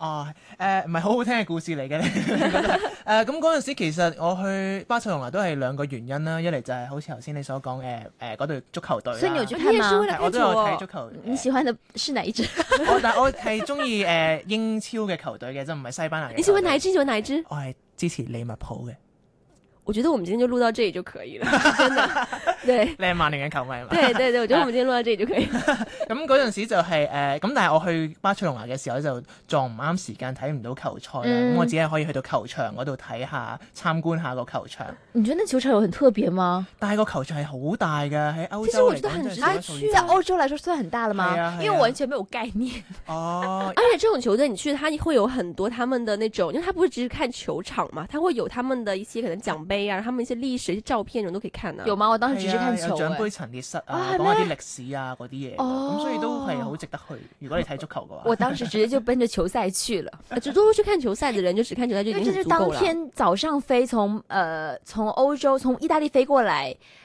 哦，誒唔係好好聽嘅故事嚟嘅，誒咁嗰陣時其實我去巴塞隆拿都係兩個原因啦，一嚟就係好似頭先你所講嘅誒嗰隊足球隊啦，所以看我都有睇足球。呃、你喜歡的是哪一支？我 但我係中意誒英超嘅球隊嘅，即唔係西班牙嘅。你喜歡哪一支？喜歡哪一支？呃、我係支持利物浦嘅。我覺得我們今天就錄到這裏就可以了， 真的。對，你係曼聯嘅球迷嘛？ 對對對，我覺得我們今天錄到這裏就可以了。咁嗰陣時就係、是、誒、咁、呃、但係我去巴塞隆拿嘅時候就撞唔啱時間睇唔到球賽咁、嗯、我只係可以去到球場嗰度睇下，參觀一下個球場。你覺得那球場有很特別嗎？但係個球場係好大嘅，喺歐洲其實我覺得嚟講、啊，去喺歐洲來說算很大啦嘛、啊啊、因為我完全沒有概念。哦、啊，而且這種球隊你去，他會有很多他們的那種，因為佢唔係只是看球場嘛，佢會有他們的一些可能獎。杯啊，他們一些歷史一些照片，你都可以看啊，有嗎？我當時直接看球。獎杯陳列室啊，講嗰啲歷史啊，嗰啲嘢，咁、啊、所以都係好值得去。哦、如果你睇足球嘅話我，我當時直接就奔着球賽去了。 啊、就都出去看球賽的人，就只、是、看球賽就已經足夠啦。因為這是當天早上飛從，呃，從歐洲從意大利飛過來。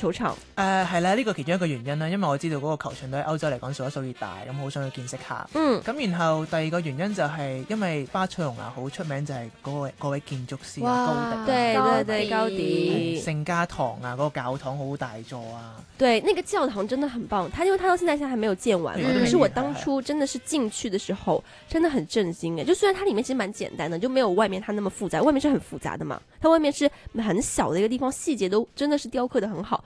球場誒係啦，呢、這個其中一個原因啦，因為我知道嗰個球場都喺歐洲嚟講數一數二大，咁好想去見識一下。嗯，咁然後第二個原因就係因為巴塞隆拿好出名就是、那個，就係嗰位位建築師、啊、哇高迪底，對對對高迪、嗯、聖家堂啊，嗰、那個教堂好大座啊。對，那個教堂真的很棒，它因為它到現在在還沒有建完嘛。可、嗯、是我當初真的是進去的時候，真的很震驚誒。就雖然它裏面其實蠻簡單的，就沒有外面它那麼複雜，外面是很複雜的嘛。它外面是很小的一個地方，細節都真的是雕刻的很好。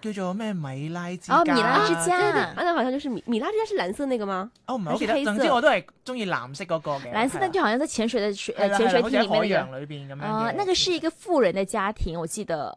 叫做咩米拉之家？哦，米拉之家，啊，那好像就是米米拉之家，是藍色那個嗎？哦，唔係好似黑色。我記得，總之我都係中意藍色嗰個嘅。藍色，但就好像在潛水的水，潛對了、呃、潛水艇裏面嘅、那個。啊、那個呃，那個是一個富人的家庭，我記得。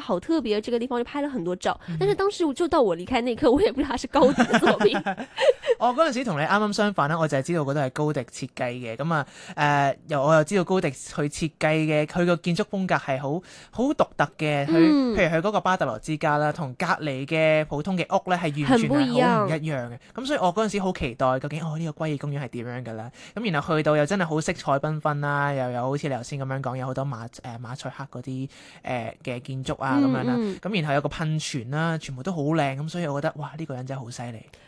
好特別，這個地方就拍了很多照，但是當時就到我離開那一刻，我也不知道是高迪嘅作品。我嗰陣時同你啱啱相反啦，我就係知道嗰度係高迪設計嘅，咁啊，誒，又我又知道高迪去設計嘅，佢個建築風格係好好獨特嘅，佢、嗯、譬如佢嗰個巴特羅之家啦，同隔籬嘅普通嘅屋咧係完全係好唔一樣嘅。咁 所以我嗰陣時好期待究竟哦呢、這個龜耳公園係點樣噶啦，咁然後去到又真係好色彩繽紛啦，又有好似你頭先咁樣講，有好多馬誒、呃、馬賽克嗰啲誒嘅建築啊。啊咁樣啦，咁然後有個噴泉啦，全部都好靚咁，所以我覺得哇，呢個人真係好犀利。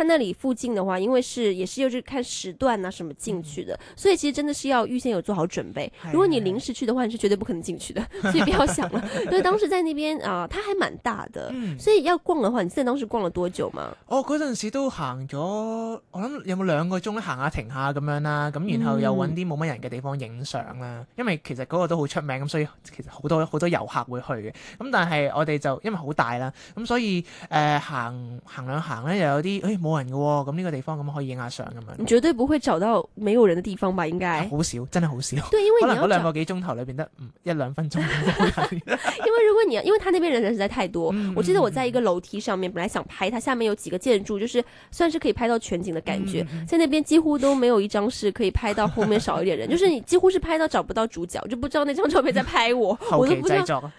佢那裏附近的話，因為是也是又是看時段啊，什麼進去的，嗯、所以其實真的是要預先有做好準備。嗯、如果你臨時去的話，你是絕對不可能進去的， 所以不要想了。因為 當時在那邊啊、呃，它還蠻大的，嗯、所以要逛的話，你記得當時逛了多久嗎？哦，嗰陣時都行咗，我諗有冇兩個鐘行下停下咁樣啦、啊，咁然後又搵啲冇乜人嘅地方影相啦。嗯、因為其實嗰個都好出名，咁所以其實好多好多遊客會去嘅。咁、嗯、但係我哋就因為好大啦，咁所以誒、呃、行行兩行咧，又有啲冇人嘅喎，咁呢個地方咁可以影下相咁樣。你絕對不會找到沒有人的地方吧？應該好少，真的好少。對，因為可能兩個幾鐘頭裏邊得一兩分鐘。因為如果你，因為他那邊人實在太多，我記得我在一個樓梯上面，本來想拍，他下面有幾個建築，就是算是可以拍到全景的感覺。在那邊幾乎都沒有一張是可以拍到後面少一點人，就是你幾乎是拍到找不到主角，就不知道那張照片在拍我，我都不知道。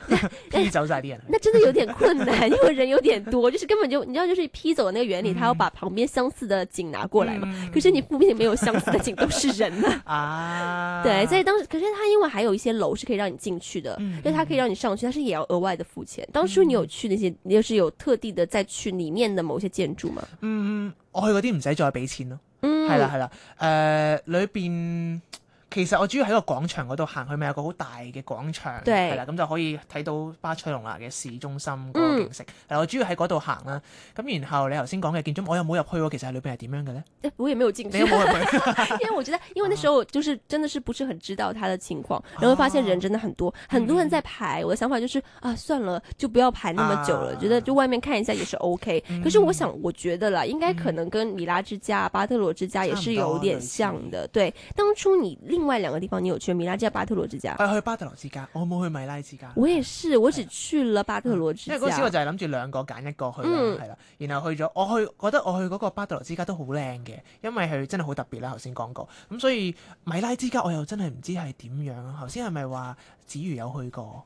P 走晒啲人，那真的有點困難，因為人有點多，就是根本就你知道，就是 P 走的那個原理，他要把。旁邊相似的景拿過來嘛？嗯、可是你附近沒有相似的景，都是人 啊！對，所以當時，可是它因為還有一些樓是可以讓你進去的，嗯、因為它可以讓你上去，但是也要額外的付錢。當初你有去那些，你就、嗯、是有特地的再去裏面的某些建築嗎？嗯，我去嗰啲唔使再俾錢咯，係啦係啦，誒、呃，裏邊。其實我主要喺個廣場嗰度行，佢咪有個好大嘅廣場，對，係啦，咁就可以睇到巴塞隆拿嘅市中心個景色。係我主要喺嗰度行啦。咁然後你頭先講嘅建築，我又冇入去喎。其實裏邊係點樣嘅呢？我亦沒有進去，因為我覺得因為那時候就是真的是不是很知道他的情況，然後發現人真的很多，很多人在排。我的想法就是啊，算了，就不要排那麼久了，覺得就外面看一下也是 OK。可是我想，我覺得啦，應該可能跟米拉之家、巴特羅之家也是有點像的。對，當初你。另外兩個地方你有去，米拉及巴特羅之家，啊。去巴特羅之家，我冇去米拉之家。我也是，對我只去了巴特羅之家。了嗯、因為嗰時我就係諗住兩個揀一個去，係啦，嗯。然後去咗，我去我覺得我去嗰個巴特羅之家都好靚嘅，因為佢真係好特別啦。頭先講過，咁所以米拉之家我又真係唔知係點樣。頭先係咪話子瑜有去過？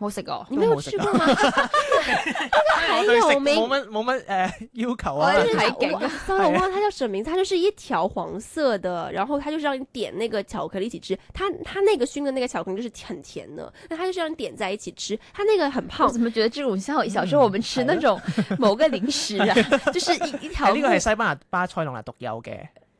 沒你沒有吃過嗎？呢個係有，沒有冇、 呃、要求啊。我係睇緊，對對我忘了它叫什麼名字。它就是一條黃色的，對然後它就是讓你點那個巧克力一起吃。它它那個熏的那個巧克力就是很甜的，那它就是讓你點在一起吃。它那個很胖，我怎麼覺得這種像小時候我們吃那種某個零食啊，嗯、啊 就是一一條。呢、這個係西班牙巴塞隆拿獨有嘅。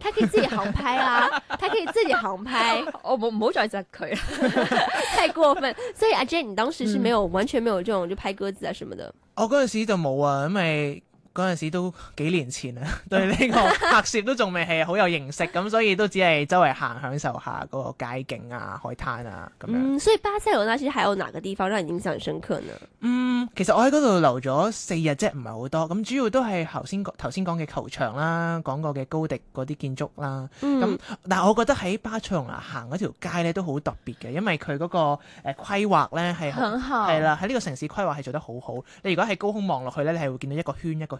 他可以自己航拍啊， 他可以自己航拍。哦 不，我唔好再窒佢，太過分。所以阿 Jane，你當時是沒有、嗯、完全沒有這種就拍鴿子啊什麼的。我嗰陣時就冇啊，因為。嗰陣時都幾年前啦， 對呢個拍攝都仲未係好有認識，咁 所以都只係周圍行享受下嗰個街景啊、海灘啊咁樣、嗯。所以巴塞隆那市喺有哪個地方讓你印象深刻呢？嗯，其實我喺嗰度留咗四日啫，唔係好多。咁主要都係頭先講頭先講嘅球場啦，講過嘅高迪嗰啲建築啦。咁、嗯，但係我覺得喺巴塞隆那行嗰條街咧都好特別嘅，因為佢嗰、那個誒、呃、規劃咧係係啦，喺呢好個城市規劃係做得好好。你如果喺高空望落去咧，你係會見到一個圈一個圈。